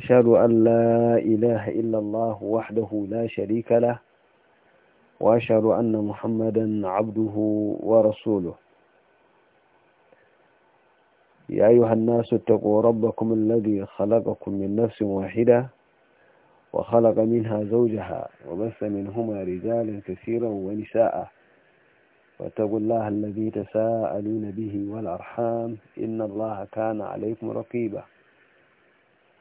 أشهد أن لا إله إلا الله وحده لا شريك له وأشهد أن محمدا عبده ورسوله يا أيها الناس اتقوا ربكم الذي خلقكم من نفس واحدة وخلق منها زوجها وبث منهما رجالا كثيرا ونساء واتقوا الله الذي تساءلون به والأرحام إن الله كان عليكم رقيبا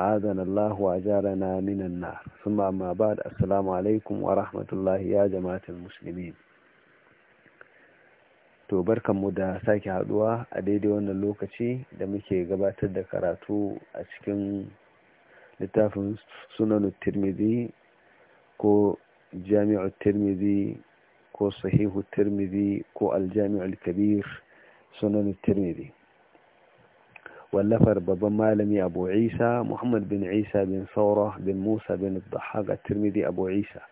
أعاذنا الله وأجارنا من النار ثم ba بعد السلام عليكم ورحمة الله يا جماعة المسلمين to barkanmu da sake haduwa a daidai wannan lokaci da muke gabatar da karatu a cikin littafin sunanu tirmidhi ko jami'u tirmidhi ko sahihu tirmidhi ko aljami'ul kabir sunan tirmidhi wallafar babban malami abu isa muhammad bin isa bin saura bin musa bin dahaga turmidi abu isa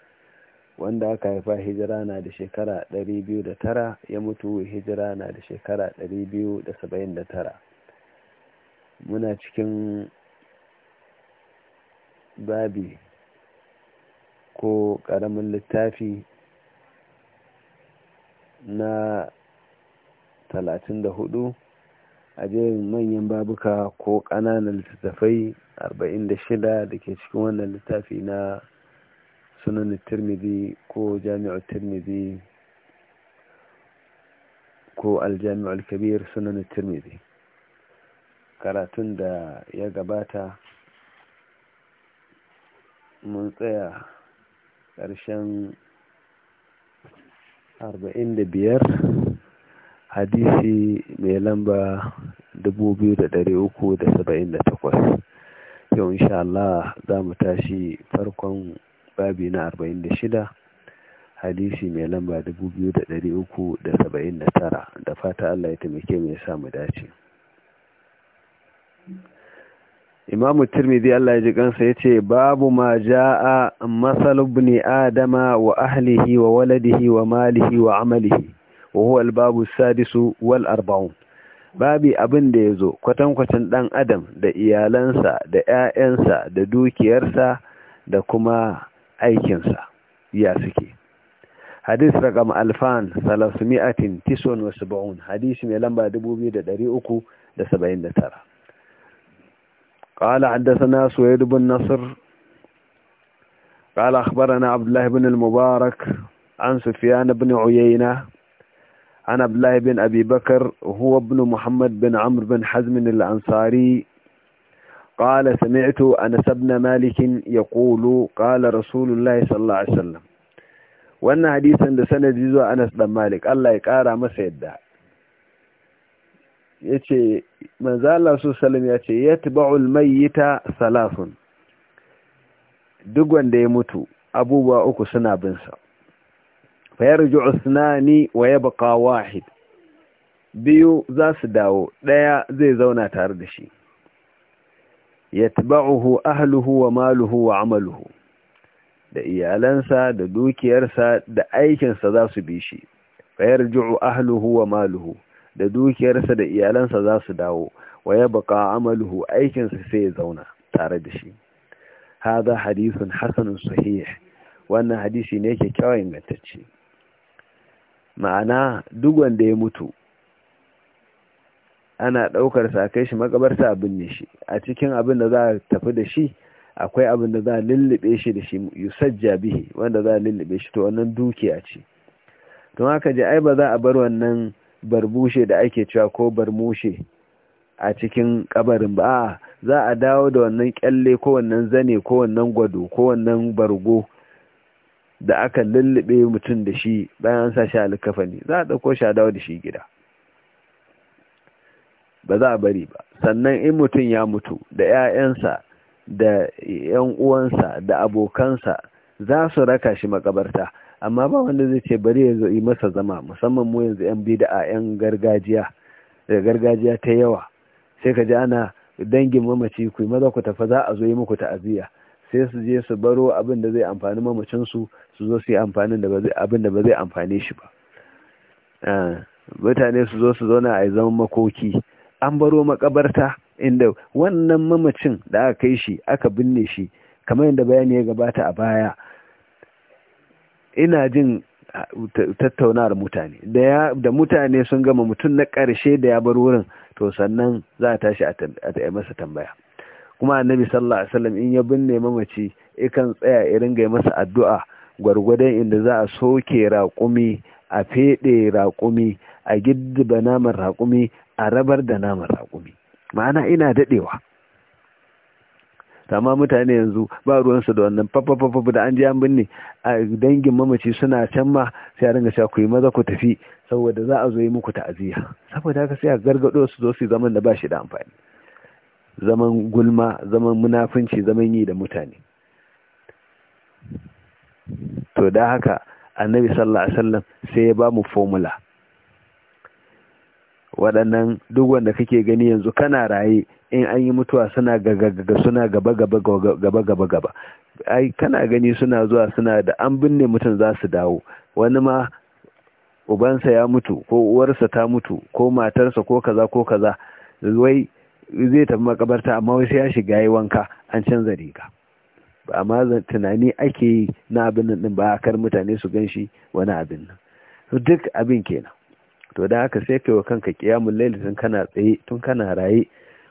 wanda aka haifa hijira na da shekara 209 ya mutu hijira na da shekara 279 muna cikin babi ko ƙaramin littafi na 34 a jerin manyan babuka ko ƙananan littattafai 46 da ke cikin wannan littafi na sunan tirmidhi ko jami'ar tirmidhi ko aljami'ar kabir sunan tirmidhi karatun da ya gabata mun tsaya ƙarshen 45 hadisi mai lamba 2378 yau insha Allah za mu tashi farkon babi na 46 hadisi mai lamba 2379 da fata Allah ya taimake mai sa mu dace Imam Tirmidhi Allah ya ji kansa ce babu ma jaa masal ibn adama wa ahlihi wa waladihi wa malihi wa amalihi وهو الباب السادس والأربعون babi abin da ya zo kwatankwacin ɗan adam da iyalansa da ‘ya'yansa da dukiyarsa da kuma aikinsa ya suke hadis rakam alfan salasumi'atin hadis wasu ba'un mai lamba 2379 قال حدثنا سويد بن نصر قال أخبرنا عبد الله بن المبارك عن سفيان بن عيينة عن عبد الله بن أبي بكر هو ابن محمد بن عمرو بن حزم الأنصاري قال سمعت أنس بن مالك يقول قال رسول الله صلى الله عليه وسلم وأن حديثا لسنة جزء أنس بن مالك الله يقارى ما سيدا manzo Allah su sallam yace yatba'ul mayyita salafun duk wanda ya mutu abubuwa uku suna bin fayarju usnani wa yabqa wahid biyu za su dawo daya zai zauna tare da shi yatba'uhu ahluhu wa maluhu wa amaluhu da iyalansa da dukiyarsa da aikinsa za su bi shi fayarju ahluhu wa maluhu da dukiyarsa da iyalansa za su dawo wa yabqa amaluhu aikinsa sai zauna tare da shi hada hadisin Hassanun sahih wannan hadisi ne kyakkyawan ingantacce ma'ana duk wanda ya mutu ana ɗaukar sa kai shi makabarta abin ne shi a cikin abin da za a tafi da shi akwai abin da za a lullube shi da shi yusajja bihi wanda za a lullube shi to wannan dukiya ce don haka je ai ba za a bar wannan barbushe da ake cewa ko barmushe a cikin kabarin ba a za a dawo da wannan kyalle ko wannan zane ko wannan gwado ko wannan bargo da aka lullube mutum da shi bayan sa shi alkafani za a ɗauko shi a dawo da shi gida ba za a bari ba sannan in mutum ya mutu da 'ya'yansa da 'yan uwansa da abokansa za su raka shi makabarta amma ba wanda zai ce bari ya yi masa zama musamman mu yanzu 'yan da 'yan gargajiya da gargajiya ta yawa sai ka ji ana dangin mamaci ku maza ku tafa, za a zo yi muku ta'aziyya sai su je su baro abin da zai amfani mamacinsu su zo su yi amfanin abin da ba zai amfane shi ba ah, mutane su zo su zauna a zaman makoki an baro makabarta inda wannan mamacin da aka kai shi aka binne shi kamar yadda bayani ya gabata a baya ina jin tattaunawar mutane da mutane sun gama mutum na ƙarshe da ya bar wurin to sannan za a tashi a masa tambaya kuma annabi sallallahu alaihi wasallam in ya binne mamaci ikan tsaya irin ringa masa addu'a gwargwadon inda za a soke raƙumi a feɗe raƙumi a giddiba naman raƙumi a rabar da naman raƙumi ma'ana ina daɗewa amma mutane yanzu ba ruwansu da wannan fafafafafu da an ji an binne a dangin mamaci suna can ma sai a ringa cewa ku yi maza ku tafi saboda za a zo yi muku ta'aziyya saboda haka sai a gargado su zo su zaman da ba shi da amfani zaman gulma zaman munafunci zaman yi da mutane to da haka annabi sallallahu alaihi wasallam sai ya ba mu formula waɗannan duk wanda kake gani yanzu kana raye in an yi mutuwa suna gagagaga suna gaba gaba gaba gaba gaba ai kana gani suna zuwa suna da an binne mutum za su dawo wani ma ubansa ya mutu ko uwarsa ta mutu ko matarsa ko kaza ko kaza wai zai tafi makabarta amma wai sai ya shiga yi wanka an canza riga ba amma tunani ake yi na abin nan din ba kar mutane su gan shi wani abin nan duk abin kenan to da haka sai kai wa kanka kiyamul laili tun kana tsaye tun kana raye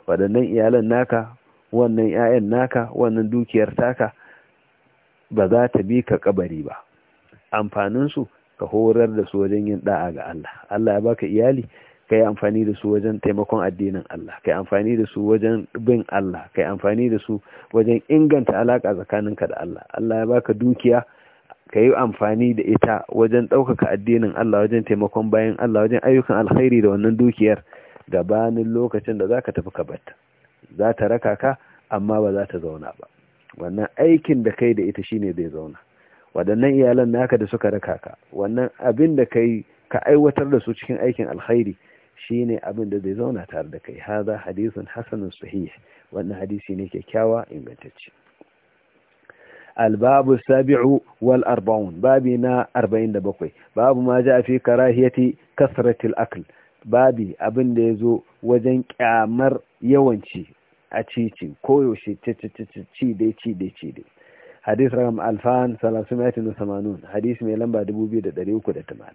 waɗannan iyalan naka wannan 'ya'yan naka wannan dukiyar taka ba za ta bi ka kabari ba amfanin su ka horar da su wajen yin da'a ga Allah Allah ya baka iyali ka yi amfani da su wajen taimakon addinin Allah ka yi amfani da su wajen bin Allah ka yi amfani da su wajen inganta alaƙa tsakaninka da Allah Allah ya baka dukiya ka yi amfani da ita wajen ɗaukaka addinin Allah wajen taimakon bayan Allah wajen ayyukan alkhairi da wannan dukiyar gabanin lokacin da zaka tafi ka batta. za ta raka ka amma ba za ta zauna ba wannan aikin da kai da ita shine zai zauna waɗannan iyalan naka da suka raka ka wannan abin da kai ka aiwatar da su cikin aikin alkhairi shine abin da zai zauna tare da kai Haza hadisun hasanun sahih wannan hadisi ne kyakkyawa ingantacce الباب السابع والأربعون بابنا babu دبقوي باب babu ma في كراهية kasratil الأكل babi abin da ya zo wajen kyamar yawanci a cici koyaushe ci dai ci dai ci dai hadis rakam alfan 380 hadis mai lamba 2380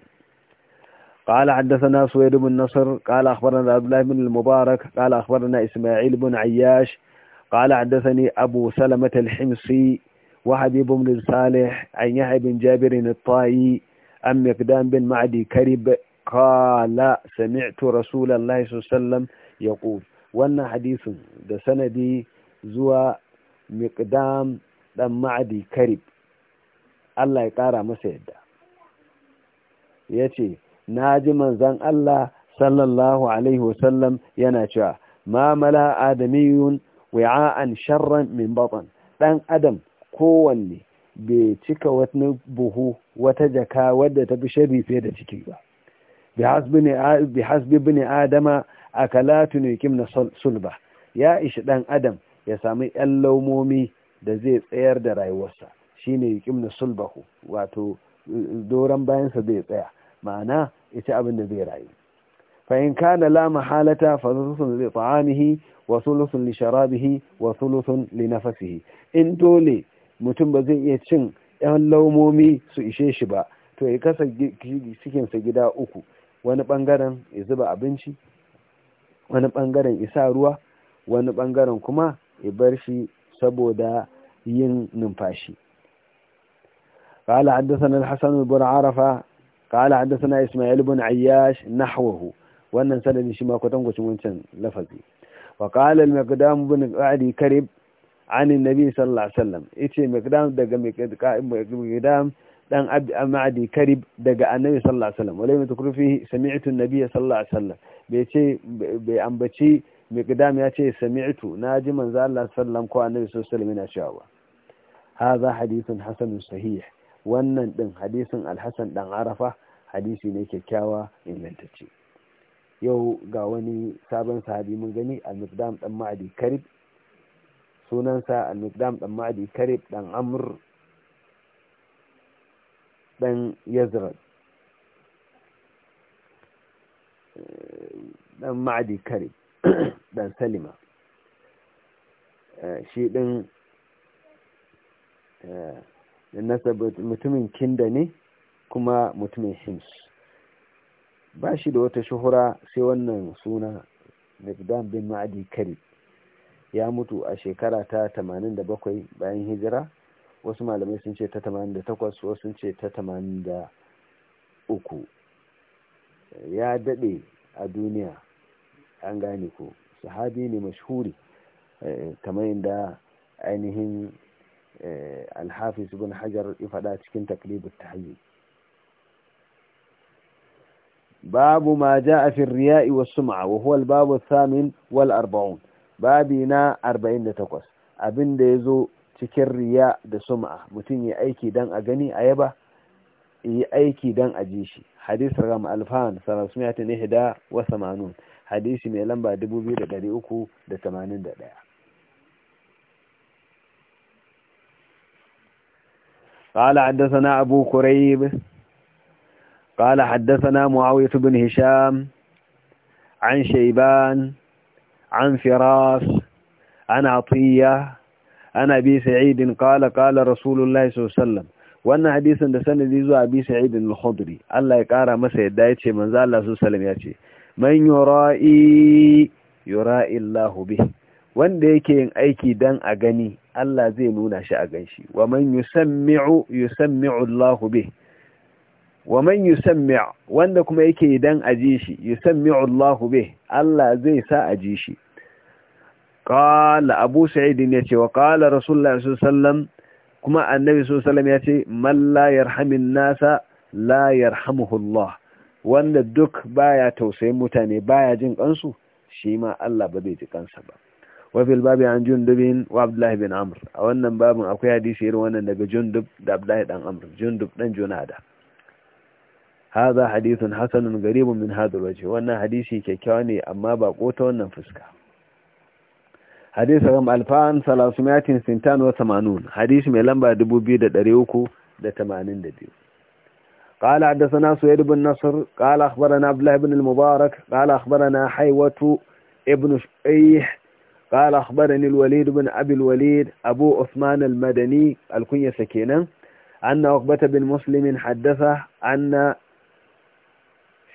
قال حدثنا سويد بن نصر قال أخبرنا عبد الله بن المبارك قال أخبرنا إسماعيل بن عياش قال حدثني أبو سلمة الحمصي وحبيب بن صالح عن يحيى بن جابر الطائي أم مقدام بن معدي كرب قال سمعت رسول الله صلى الله عليه وسلم يقول وانا حديث ده سندي زوى مقدام بن معدي كرب الله يقارى مسيدة يتي na ji manzan Allah sallallahu alaihi wasallam yana cewa ma mala adamiyun wi'a'an sharran min baton, Ɗan adam kowanne bai cika wani buhu wata jaka wadda ta fi shari fiye da ciki ba bi hasbi ne adama akalatu kim na sulba ya ishi ɗan adam ya sami yan laumomi da zai tsayar da rayuwarsa shi ne kim na sulbahu wato doron bayansa zai tsaya ma'ana ita abin da zai rayu fa'in kana la mahalata fa sulusun li ta'amihi wa sulusun li sharabihi wa sulusun li in dole mutum ba zai iya cin yan laumomi su ishe shi ba to ya kasa cikinsa gida uku wani bangaren ya zuba abinci wani bangaren isa ruwa wani bangaren kuma ya bar shi saboda yin numfashi قال حدثنا الحسن بن عرفة قال حدثنا إسماعيل بن عياش نحوه وأن سند شما كتنقش منشن لفظي وقال المقدام بن عدي كرب عن النبي صلى الله عليه وسلم إيشي مقدام دقا مقدام دان عبد معدي كرب دقا النبي صلى الله عليه وسلم ولم تكر فيه سمعت النبي صلى الله عليه وسلم بيشي بأنبتشي مقدام ياتي سمعت ناجي من زال الله صلى الله عليه وسلم كو النبي صلى الله عليه وسلم هذا حديث حسن صحيح wannan din hadisin alhassan ɗan arafa hadisi ne kyakkyawa ingantacce yau ga wani sabon sahabi mun gani al-muqdam ɗan ma'adi karib sunansa al-muqdam dan ma'adi karib ɗan Amur, ɗan yazra ɗan ma'adi karib ɗan eh, salima eh, shi ɗin eh, mutumin kinda ne kuma mutumin hims ba shi da wata shuhura sai wannan suna mikdam bin ma'adi kari ya mutu a shekara ta 87 bayan hijira wasu malamai sun ce ta 88 wasu sun ce ta 83 ya dade a duniya an gane ko sahabi ne mashhuri eh, kamar yadda ainihin Eh, alhafis ibn hajar ya faɗa cikin ta tahiyyi babu ma a fi riya'i was sum'a wa babu samin wal arba'un babi na da ya zo cikin riya da sum'a mutum ya aiki don a gani a yaba yi aiki dan a ji shi hadis ram alfan sarasmiyat ne hida wa 80 hadisi mai lamba 2381 قال حدثنا أبو كريب قال حدثنا معاوية بن هشام عن شيبان عن فراس عن عطية عن أبي سعيد قال قال رسول الله صلى الله عليه وسلم wannan hadisin da sanadi zuwa bi sa'id al-khudri Allah ya kara masa yadda yace manzo Allah sallallahu alaihi wasallam yace man yura'i yura'i Allah bih wanda yake yin aiki dan a gani Allah zai nuna shi a ganshi wa man yusammi'u yusammi'u Allahu bih wa man yusammi' wanda kuma yake dan aji shi yusammi'u Allahu bih Allah zai sa aji shi qala Abu Sa'id ne ce wa qala Rasulullah sallallahu alaihi wasallam kuma annabi sallallahu alaihi wasallam ya ce man la yarhamin nasa la yarhamuhu Allah wanda duk baya tausayin mutane baya jin kansu shi ma Allah ba zai ji kansa ba وفي الباب عن جندب وعبد الله بن عمر أولا باب أكو حديث يروان أنك جندب عبد الله بن عمر جندب بن جنادة هذا حديث حسن قريب من هذا الوجه وانا حديثي كيكواني أما باقوته وأن فسكه hadisi ram alfan salasumiyatin sintan wa tamanun hadisi mai lamba dubu biyu da قال حدثنا سويد بن نصر قال أخبرنا عبد الله بن المبارك قال أخبرنا حيوة ابن شعيح قال أخبرني الوليد بن أبي الوليد أبو أثمان المدني الكنية سكينا أن أقبة بن مسلم حدثه أن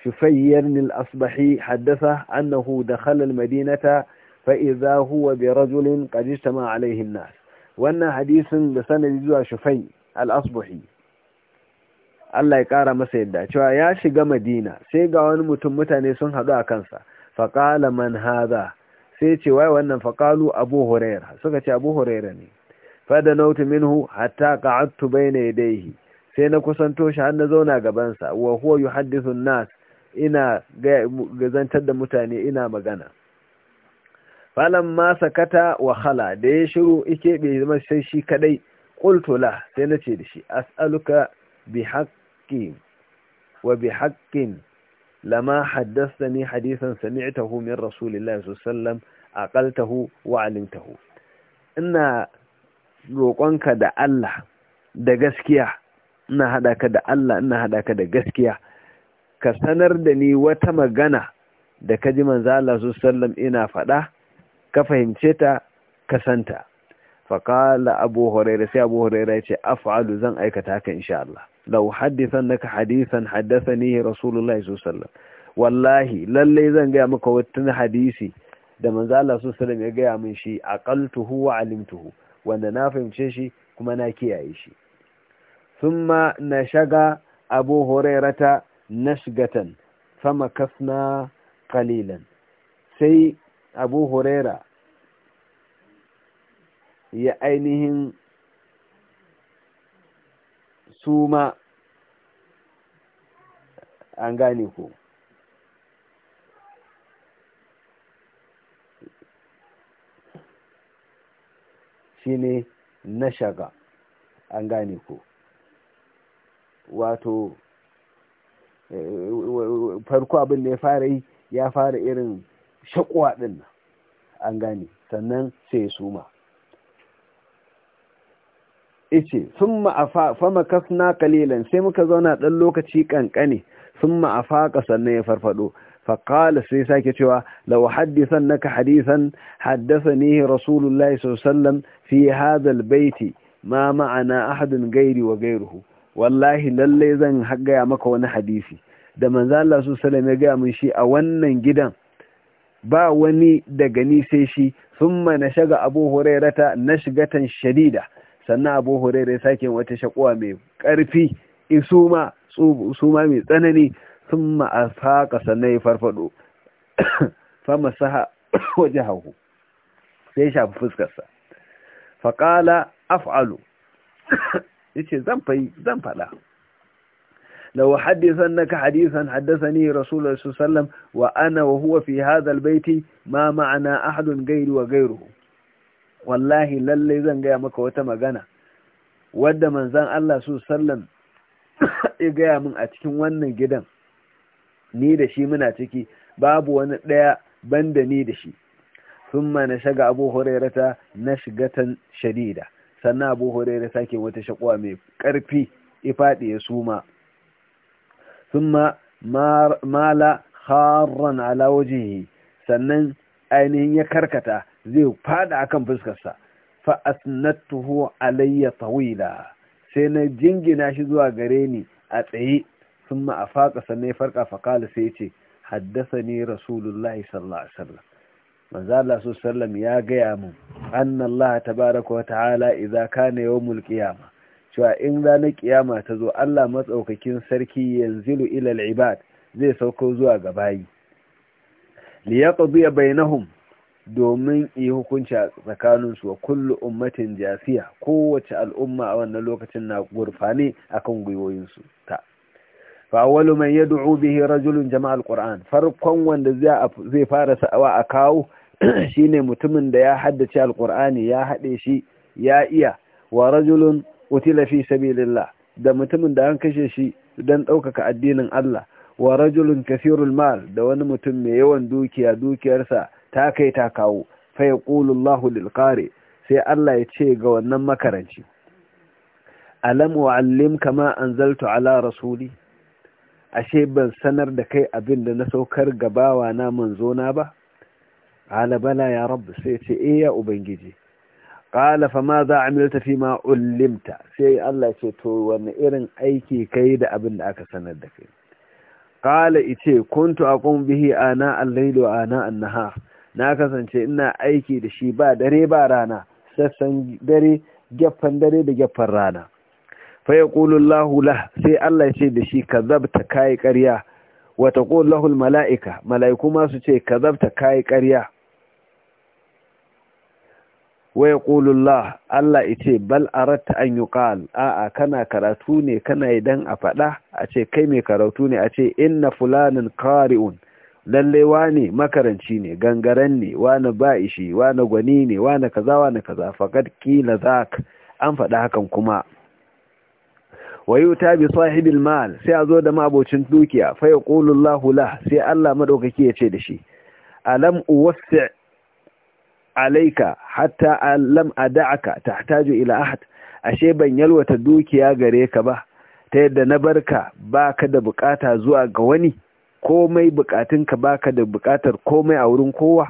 شفير الأصبحي حدثه أنه دخل المدينة فإذا هو برجل قد اجتمع عليه الناس وأن حديث بسنة جزوة شفي الأصبحي Allah ya ƙara masa yadda cewa ya shiga Madina sai ga wani mutum mutane sun haɗu a kansa faƙala man haza sai ce wai wannan faqalu abu hurairah suka ce abu hurairah ne nautu minhu hatta qa'adtu bayna yadayhi sai na kusanto shi har na zauna gaban sa wa huwa yuhaddithu an-nas ina gazantar da mutane ina magana ma sakata wa khala da ya shiru ike bai zama sai shi kadai qultu la sai nace da shi as'aluka bi haqqi wa bi haqqin lama ni hadisan sami'tahu min rasulillahi sallallahu aqaltahu wa alimtahu ina roƙonka da Allah da gaskiya ina hada da Allah ina hada ka da gaskiya ka sanar da ni wata magana da ka ji manzo Allah sallallahu ina faɗa ka fahimce ta ka santa faqala abu hurairah sai abu hurairah ya ce af'alu zan aikata haka insha Allah lau haddisan naka hadisan haddasa ne rasulullahi sallallahu lallai zan gaya maka watan hadisi da manzo Allah ya gaya min shi aqaltuhu wa alimtuhu wanda na fahimce shi kuma na kiyaye shi thumma nashaga abu hurairata tan sama kasna qalilan sai abu huraira ya ainihin su ma an gane ku shi ne na shaga an gane ku wato farko abin da ya fara yi ya fara irin shakuwa ɗin an gane sannan sai ya suma ice sun ma'afa fama kasna kalilan sai muka zauna ɗan lokaci ƙanƙani sun ma'afa na ya farfaɗo faƙala sai sake cewa lau haddisan naka hadisan haddasa ne rasulullahi sallam fi hadal baiti ma ma'ana ahadin gairi wa gairuhu wallahi lallai zan gaya maka wani hadisi da manzo Allah sallallahu ya gaya mun shi a wannan gidan ba wani daga ni sai shi na shaga abu hurairata na tan shadida sannan abu huraira ya sake wata shakuwa mai ƙarfi isuma suma mai tsanani sun ma'asaka sannan ya farfado fama saha waje hagu sai shafi fuskarsa faƙala af'alu ya ce zan faɗa لو حدثنك حديثا حدثني رسول الله صلى الله عليه وسلم وانا وهو في هذا البيت ما معنى احد غير وغيره wallahi lallai zan gaya maka wata magana wadda manzan Allah su sallan ya gaya min a cikin wannan gidan ni da shi muna ciki babu wani ɗaya ban da ni da shi sun ma na shaga abu hurairata na shigatan shadida sannan abu hurairata ke wata shakuwa mai ƙarfi ifaɗi ya suma sun ma mala harran ala wajihi sannan ainihin ya karkata zai fada akan fuskarsa fa asnatuhu alayya tawila sai na jingina shi zuwa gare ni a tsaye sun a sannan ya farka kala sai ce haddasa ni rasulullahi sallallahu alaihi wasallam manzo Allah ya gaya mun anna Allah tabaraka wa ta'ala idza kana yawmul qiyamah cewa in ranar kiyama ta zo Allah matsaukakin sarki yanzilu ila al-ibad zai sauko zuwa gabayi bayi li yaqdi bainahum domin yi hukunci a tsakaninsu wa kullu ummatin jasiya kowace al'umma a wannan lokacin na gurfane akan gwiwoyinsu ta fa'awalu man yad'u bihi rajulun jama'al qur'an farkon wanda zai fara sa'awa a kawo shine mutumin da ya haddace alqur'ani ya hade shi ya iya wa rajulun utila fi sabilillah da mutumin da an kashe shi dan ɗaukaka addinin Allah wa rajulun kasirul mal da wani mutum mai yawan dukiya dukiyarsa ta kai ta kawo fa yaqulu Allahu lil qari sai Allah ya ce ga wannan makaranci alam wa'allim kama an anzaltu ala rasuli ashe ban sanar da kai abin da na saukar gabawa na manzona ba ala bala ya rabb sai ce eh ya ubangiji qala fa ma za amilta fi ma ullimta sai Allah ya ce to wanne irin aiki kai da abin da aka sanar da kai Ƙala ice kuntu aqum bihi ana al-layli wa ana an na kasance ina aiki da shi ba dare ba rana sassan dare gyaffan dare da gyaffan rana fa ya lahu lah sai Allah ya ce da shi kazabta kai ƙarya wa taqulu lahu mala'ika mala'iku ma su ce kazabta kai ƙarya wa ya Allah Allah ce bal aratta an yuqal a'a kana karatu ne kana idan a faɗa a ce kai mai karatu ne a ce inna fulanin qari'un lalle wane makaranci ne gangaren ne wane ba'ishi wane gwani ne wane kaza wane kaza faqad qila zak an faɗa hakan kuma wayu ta bi sahibil mal sai a zo da mabocin dukiya fa yaqulu Allahu la sai Allah madaukaki ya ce da shi alam uwassi alaika hatta alam ada'aka tahtaju ila ahad ashe ban yalwata dukiya gare ka ba ta yadda na barka baka da bukata zuwa ga wani komai bukatunka baka da bukatar komai a wurin kowa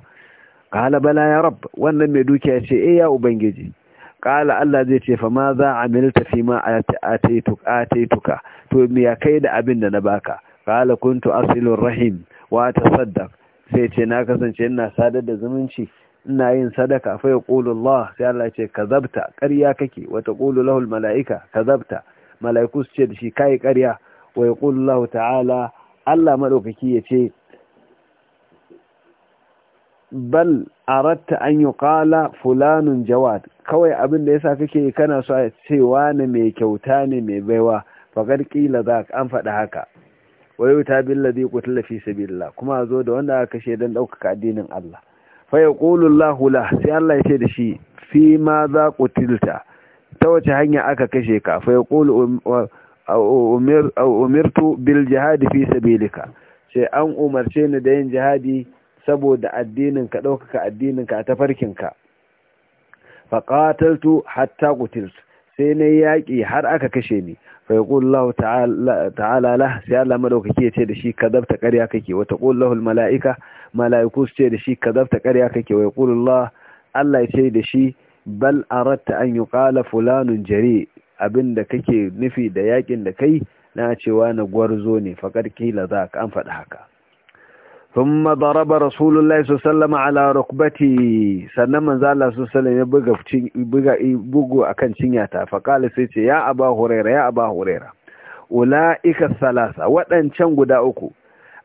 kala bala ya rab wannan mai dukiya ce E, ya ubangiji kala Allah zai ce fa ma za amilta fi ma ataituka to me ya kai da abin da na ba baka qala kuntu asilur rahim wa tasaddaq sai ce na kasance ina sadar da zumunci ina yin sadaka fa yaqulu Allah sai Allah ce kazabta ƙarya kake wa taqulu lahu al malaika kazabta malaiku su ce da shi kai ƙarya wa yaqulu ta'ala Allah maɗaukaki ya ce bal ratta an yi ƙala fulanun jawad kawai abin da ya sa kake kana so a cewa ne mai kyauta ne mai baiwa faƙar ƙila za an faɗi haka wayo ta billadi kutula fi sabilillah kuma zo da wanda aka kashe don ɗaukaka addinin Allah faya yaqulu la sai Allah ya ce da shi fi ma za ku kutilta ta wace hanya aka kashe ka faya yaqulu umirtu bil jihadi fi sabilika sai an umarce ni da yin jihadi saboda addinin ka ɗaukaka addinin ka a tafarkin ka fa qataltu hatta qutiltu sai na yaki har aka kashe ni fa Allah ta'ala la sai Allah madaukake ce da shi kadabta ƙarya kake wa taqulu lahul malaika malaiku ce da shi kadabta ƙarya kake wa yaqulu Allah Allah ya ce da shi bal aratta an yuqala fulanun jari abin da kake nufi da yakin da kai na cewa na gwarzo ne faƙar kila za ka an faɗa haka thumma daraba rasulullahi sallallahu ala rukbati sannan manzo Allah ya buga buga bugu akan cinya ta faqala sai ce ya aba hurera. ya aba ulaika salasa waɗancan guda uku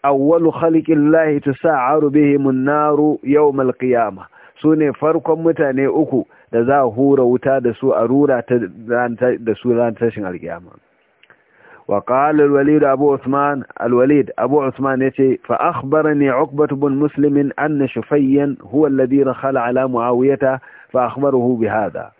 awwalu khalqillahi ta sa an-naru Yau al sune farkon mutane uku da za a hura wuta da su a rura da su ran tashin alkiyama wa qala al-walid abu usman al-walid abu usman yace fa akhbarani ukbat ibn muslim anna shufayyan huwa alladhi rakhala ala muawiyata fa akhbarahu bi hadha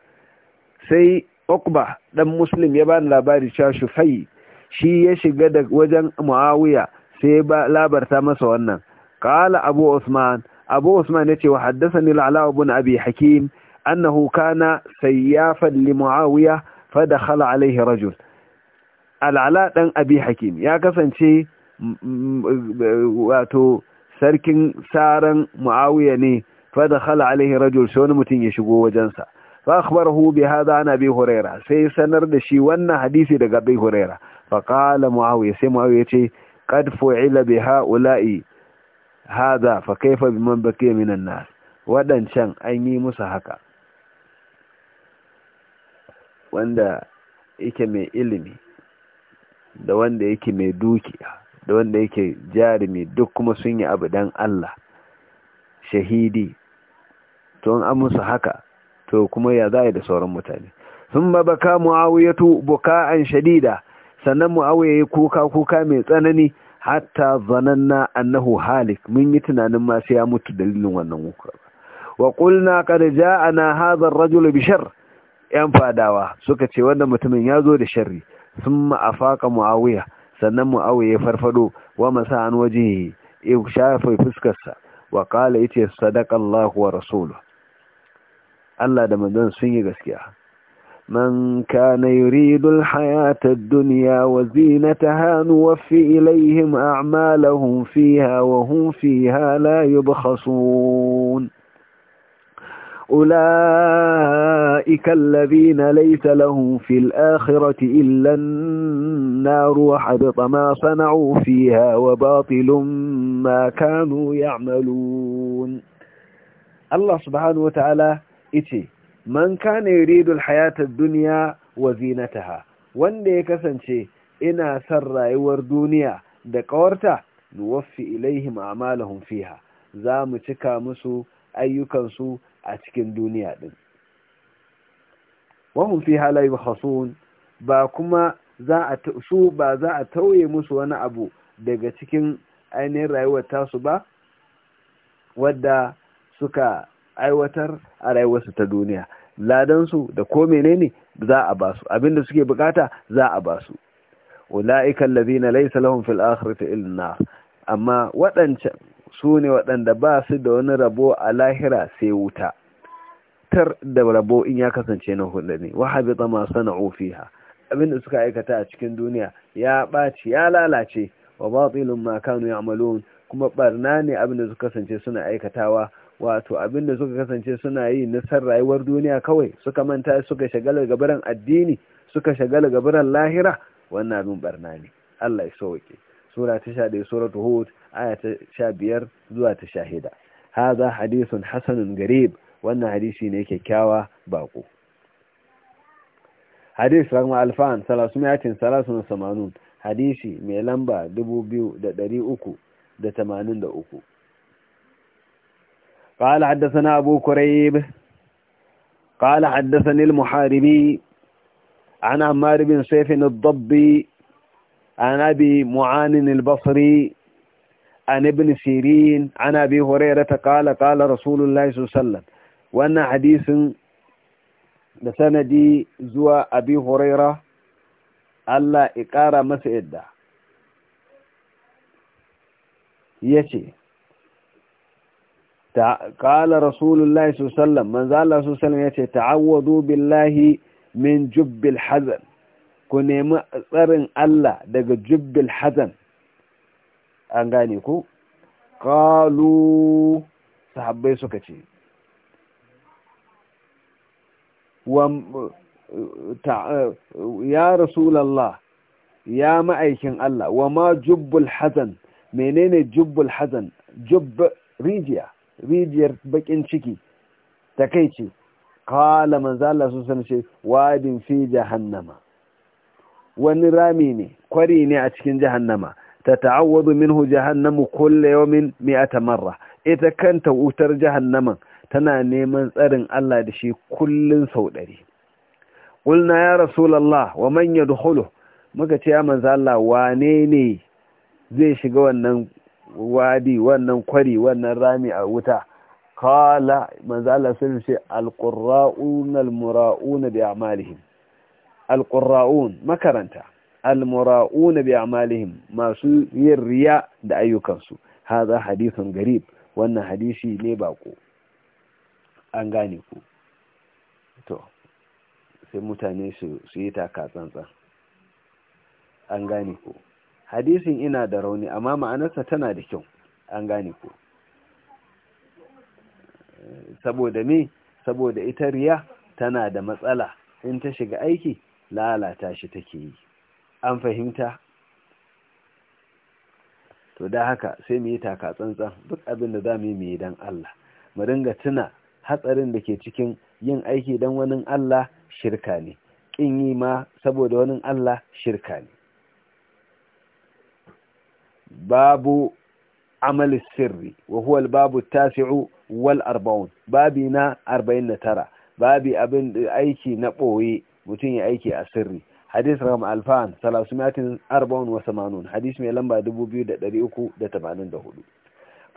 sai ukba dan muslim ya bani labari cewa shufay shi ya shiga da wajen muawiya sai ba labarta masa wannan qala abu usman abu usman yace wa haddathani al-ala ibn abi hakim annahu kana sai ya muawiya fa dakhala alaihi rajul al'ala dan abi hakim ya kasance wato sarkin saran muawiya ne fa dakhala alaihi rajul sai mutum ya shigo wajensa fa akhbarahu bi hadha an abi huraira sai sanar da shi wannan hadisi daga abi huraira fa qala muawiya sai muawiya ce qad fu'ila bi ha'ula'i hadha fa kaifa biman baqiya minan nas wadancan an yi musu haka wanda yake mai ilimi da wanda yake mai dukiya da wanda yake jarumi duk kuma sun yi abu dan Allah shahidi to an musu haka to kuma ya zai da sauran mutane sun babaka muawiyatu buka'an shadida sannan muawiya ya kuka kuka mai tsanani hatta zananna annahu halik mun yi tunanin ma sai ya mutu dalilin wannan kuka wa qulna qad ja'ana hadha ar-rajul bi sharr 'yan fadawa suka ce wanda mutumin ya zo da sharri sun ma'afaka mu'awiya sannan mu'awiya ya farfado wa masa an waje ya shafe fuskarsa wa kala sadaka Allah wa rasulu Allah da manzon sun yi gaskiya man kana yuridu alhayata ad-dunya wa zinataha nuwaffi ilayhim a'malahum fiha wa hum fiha la yubkhasun أولئك الذين ليس لهم في الآخرة إلا النار وحبط ما صنعوا فيها وباطل ما كانوا يعملون الله سبحانه وتعالى إتي من كان يريد الحياة الدنيا وزينتها wanda ya إنا سر son rayuwar duniya da ƙawarta nuwaffi ilaihim a'malahum fiha za a cikin duniya din wahum fi halayi hasun ba kuma su ba za a tauye musu wani abu daga cikin ainihin rayuwar tasu ba wadda suka aiwatar a rayuwarsu ta duniya ladansu da ko menene za a ba su? abinda suke bukata za a ba basu ula'ikan lazina laisa lahum fil akhirati illa amma waɗancan su ne waɗanda ba su da wani rabo a lahira sai wuta tar da rabo in ya kasance na hudu ne wahabi tsama sana'o fiha abinda suka aikata a cikin duniya ya ɓaci ya lalace wa tsilin ma ya kuma barna ne abinda suka kasance suna aikatawa wato abinda suka kasance suna yi na rayuwar duniya kawai suka manta suka shagala gabaran addini suka shagala gabaran lahira wannan abin barna ne Allah ya sauke sura ta sha ɗaya suratu hud aya ta sha biyar zuwa ta shahida haza hadisun hasanun garib wannan hadisi ne kyakkyawa baƙo. hadis ragma alfan salasu miyatin na samanun hadisi mai lamba dubu biyu da ɗari uku da tamanin da uku قال حدثنا أبو كريب قال حدثني المحاربي عن عمار بن سيف الضبي عن أبي معان البصري عن ابن سيرين عن أبي هريرة قال قال رسول الله صلى الله عليه وسلم وأن حديث لسندي زوى أبي هريرة ألا إقارة مسئدة يشي قال رسول الله صلى الله عليه وسلم من ذا الله صلى الله عليه وسلم تعوذوا بالله من جب الحزن ku nemi tsarin Allah جب الحزن an gane ku kalu sahabbai suka ce ya rasulallah ya ma'aikin Allah wa ma jubbul hazan menene jubbul hazan jubb rijiya rijiyar bakin ciki takaici qala manzo Allah sun ce wadin fi jahannama wani rami ne kwari ne a cikin jahannama tata'awwadu minhu jahannamu kullu yawmin mi'ata marra ita kanta wutar jahannaman tana neman tsarin Allah da shi kullun sau ɗari. Ƙulna ya Rasulallah wa manya duhulu muka ce ya manza Allah wane ne zai shiga wannan wadi wannan kwari wannan rami a wuta. Kala manza Allah sun ce alƙurra'un makaranta. almura'una bi amalihim masu yin riya da ayyukansu hadha hadithun garib wannan hadisi ne bako an gane ku to sai mutane su yi taka tsantsan an gane ku hadisin ina da rauni amma ma'anarsa tana da kyau an gane ku saboda me saboda ita riya tana da matsala in ta shiga aiki lalata shi take yi an fahimta to da haka sai mu yi taka tsantsan duk abin da za mu yi mu yi don Allah mu ringa tuna hatsarin da ke cikin yin aiki don wani Allah shirka ne ƙin yi ma saboda wani Allah shirka ne babu amal sirri wa huwa babu tasi'u wal arba'un babi na 49 babi abin aiki na ɓoye mutum ya aiki a sirri hadis ram alfan salasumiyatin arba'un wa samanun hadis mai lamba dubu biyu da ɗari uku da tamanin da hudu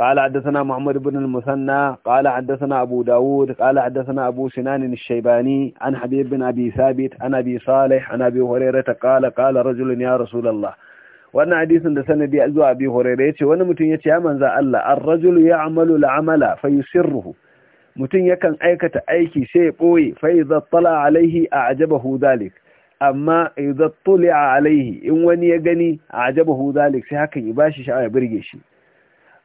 قال حدثنا محمد بن المثنى قال حدثنا أبو داود قال حدثنا أبو سنان الشيباني عن حبيب بن أبي ثابت عن أبي صالح عن أبي هريرة قال قال رجل يا رسول الله wannan hadisin da sanadi zuwa abi ya ce, wani mutum ce, ya manzo Allah ar-rajulu ya'malu la'amala amala fayusirruhu mutum yakan aikata aiki sai ya ɓoye fa idza tala alaihi a'jabahu dhalik amma idza tuli'a alaihi in wani ya gani ajabahu zalik sai hakan ya bashi sha'awa ya burge shi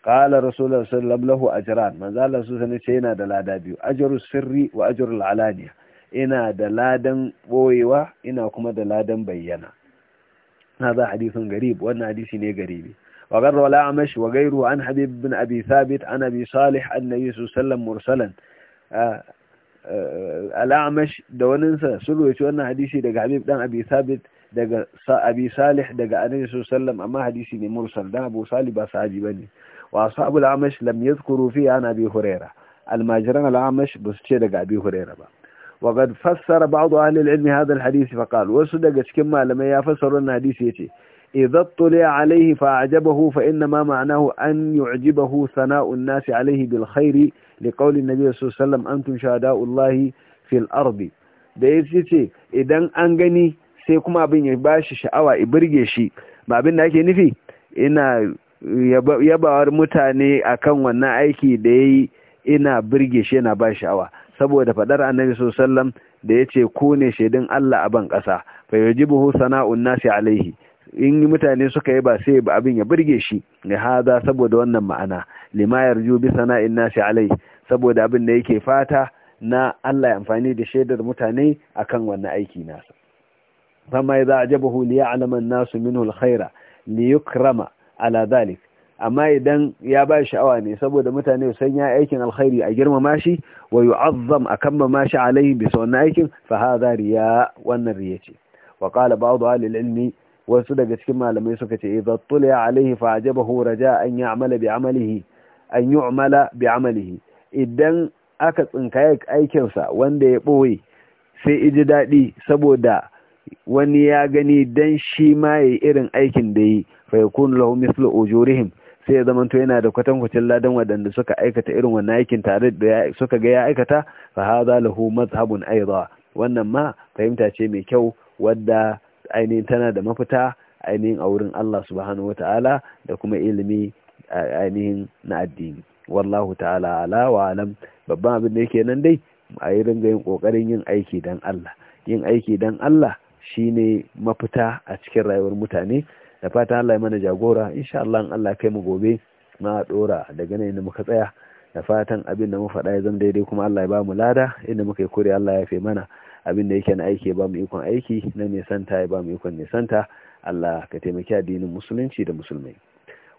qala rasulullah sallallahu lahu ajran manzo Allah su sanin ce yana da lada biyu ajrus sirri wa ajrul alaniya ina da ladan boyewa ina kuma da ladan bayyana هذا حديث غريب وأن حديث غريب وقال الأعمش وغيره عن حبيب بن أبي ثابت عن أبي صالح النبي صلى الله عليه وسلم مرسلا al'amash da waninsa sun roci wannan hadisi daga habib dan abi sabit daga abi salih daga annabi amma hadisi ne mursal dan abu salih ba sahabi bane wa ashabul amash lam yadhkuru fi an abi huraira almajiran al'amash ba su ce daga abi hurayra ba wa qad fassara ba'd ahli al-ilm hadha al-hadith fa qala wasu daga cikin malamai ya fassara wannan hadisi yace fa inna ma ma'nahu an yu'jibahu Sana'u an-nas alayhi bil khairi liƙaulin nabi sallam antum shahada'ullahi fil ardi da ya ce idan an gani sai kuma abin ya ba shi sha'awa ya birge shi ba abin da ake nufi ina yabawar mutane akan wannan aiki da ya yi ina birge shi yana ba sha'awa saboda faɗar annabi sallam da ya ce ku ne shaidun Allah a ban ƙasa fa yajibuhu sana'un nasi alaihi in mutane suka yi ba sai ba abin ya burge shi ga haza saboda wannan ma'ana limayar ju bi sana'in nasi alai saboda abin da yake fata na Allah ya amfani da shaidar mutane akan wannan aiki nasa fama idza ajabahu li ya'lama an-nasu minhu al-khaira li yukrama ala dhalik amma idan ya ba sha'awa ne saboda mutane san ya aikin alkhairi a girmama shi wa yu'azzam ma shi alai bisa wannan aikin fa hadha riya wannan riya ce wa qala ba'd ahli wasu daga cikin malamai suka ce idza tuliya alaihi fa ajabahu raja an ya'mala bi amalihi an yu'mala bi amalihi idan aka tsinkaye aikinsa wanda ya ɓoye sai iji daɗi saboda wani ya gani dan shi ma yayi irin aikin da yi fa yakunu lahu mislu ujurihim sai ya zamanto yana da kwatankwacin ladan wadanda suka aikata irin wannan aikin tare da suka ga ya aikata fa hadha lahu madhhabun aidan wannan ma fahimta ce mai kyau wadda ainihin tana da mafita ainihin a wurin Allah subhanahu wata'ala da kuma ilimi ainihin na addini wallahu ta'ala ala wa alam babban abin da yake nan dai a yi ringa yin kokarin yin aiki don Allah yin aiki don Allah shine mafita a cikin rayuwar mutane da fata Allah ya mana jagora insha Allah in Allah kai mu gobe na dora daga nan da muka tsaya da fatan abin da mu faɗa ya zama daidai kuma Allah ya ba mu lada inda muka yi kore Allah ya fi mana abin da yake na aiki ba mu ikon aiki na nisanta ya ba mu ikon nisanta Allah ka taimaki addinin musulunci da musulmai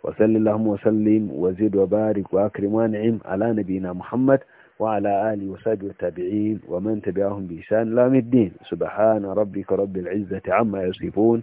wa sallallahu wa sallim wa zid wa barik wa akrim wa ni'im ala nabiyina Muhammad wa ala ali wa sabi wa tabi'in wa man tabi'ahum bi ihsan ila yawmiddin subhana rabbika rabbil izzati amma yasifun